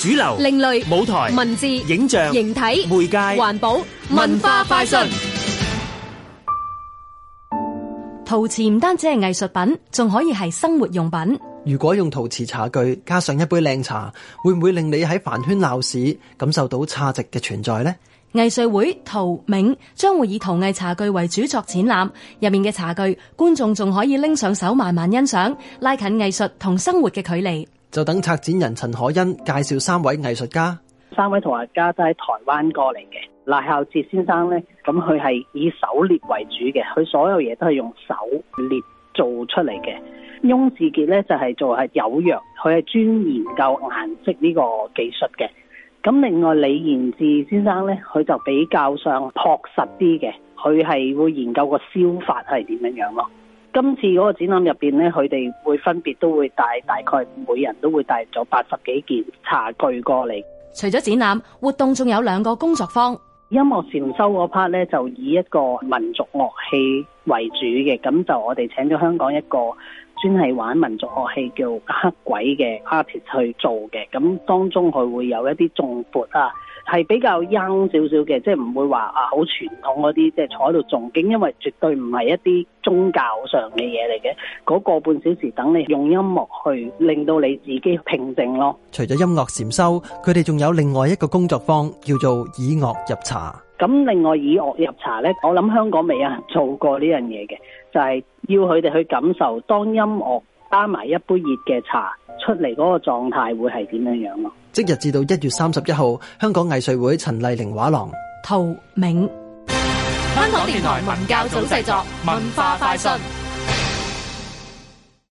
主流、另類、舞台、文字、影像、形體、媒介、環保、文化快訊。陶瓷唔單止係藝術品，仲可以係生活用品。如果用陶瓷茶具，加上一杯靚茶，會唔會令你喺繁喧鬧市感受到差值嘅存在呢？藝穗會陶名將會以陶藝茶具為主作展覽，入面嘅茶具，觀眾仲可以拎上手慢慢欣賞，拉近藝術同生活嘅距離。就等策展人陳可欣介紹三位藝術家。三位同學家都喺台灣過嚟嘅。賴孝志先生呢，咁佢係以手列為主嘅，佢所有嘢都係用手列做出嚟嘅。翁志杰呢，就係、是、做係釉藥，佢係專研究顏色呢個技術嘅。咁另外李賢志先生呢，佢就比較上朴實啲嘅，佢係會研究個燒法係點樣樣咯。今次嗰個展覽入面咧，佢哋會分別都會帶，大概每人都會帶咗八十幾件茶具過嚟。除咗展覽活動，仲有兩個工作坊。音樂禪修嗰 part 咧，就以一個民族樂器為主嘅，咁就我哋請咗香港一個專係玩民族樂器叫黑鬼嘅 artist 去做嘅，咁當中佢會有一啲重撥啊。係比較輕少少嘅，即係唔會話啊好傳統嗰啲，即係坐喺度誦經。因為絕對唔係一啲宗教上嘅嘢嚟嘅。嗰、那個半小時等你用音樂去令到你自己平靜咯。除咗音樂禪修，佢哋仲有另外一個工作坊，叫做以樂入茶。咁另外以樂入茶呢，我諗香港未有人做過呢樣嘢嘅，就係、是、要佢哋去感受當音樂。加埋一杯熱嘅茶，出嚟嗰個狀態會係點樣樣咯？即日至到一月三十一號，香港藝穗會陳麗玲畫廊透明。香港電台文教組製作文化快訊。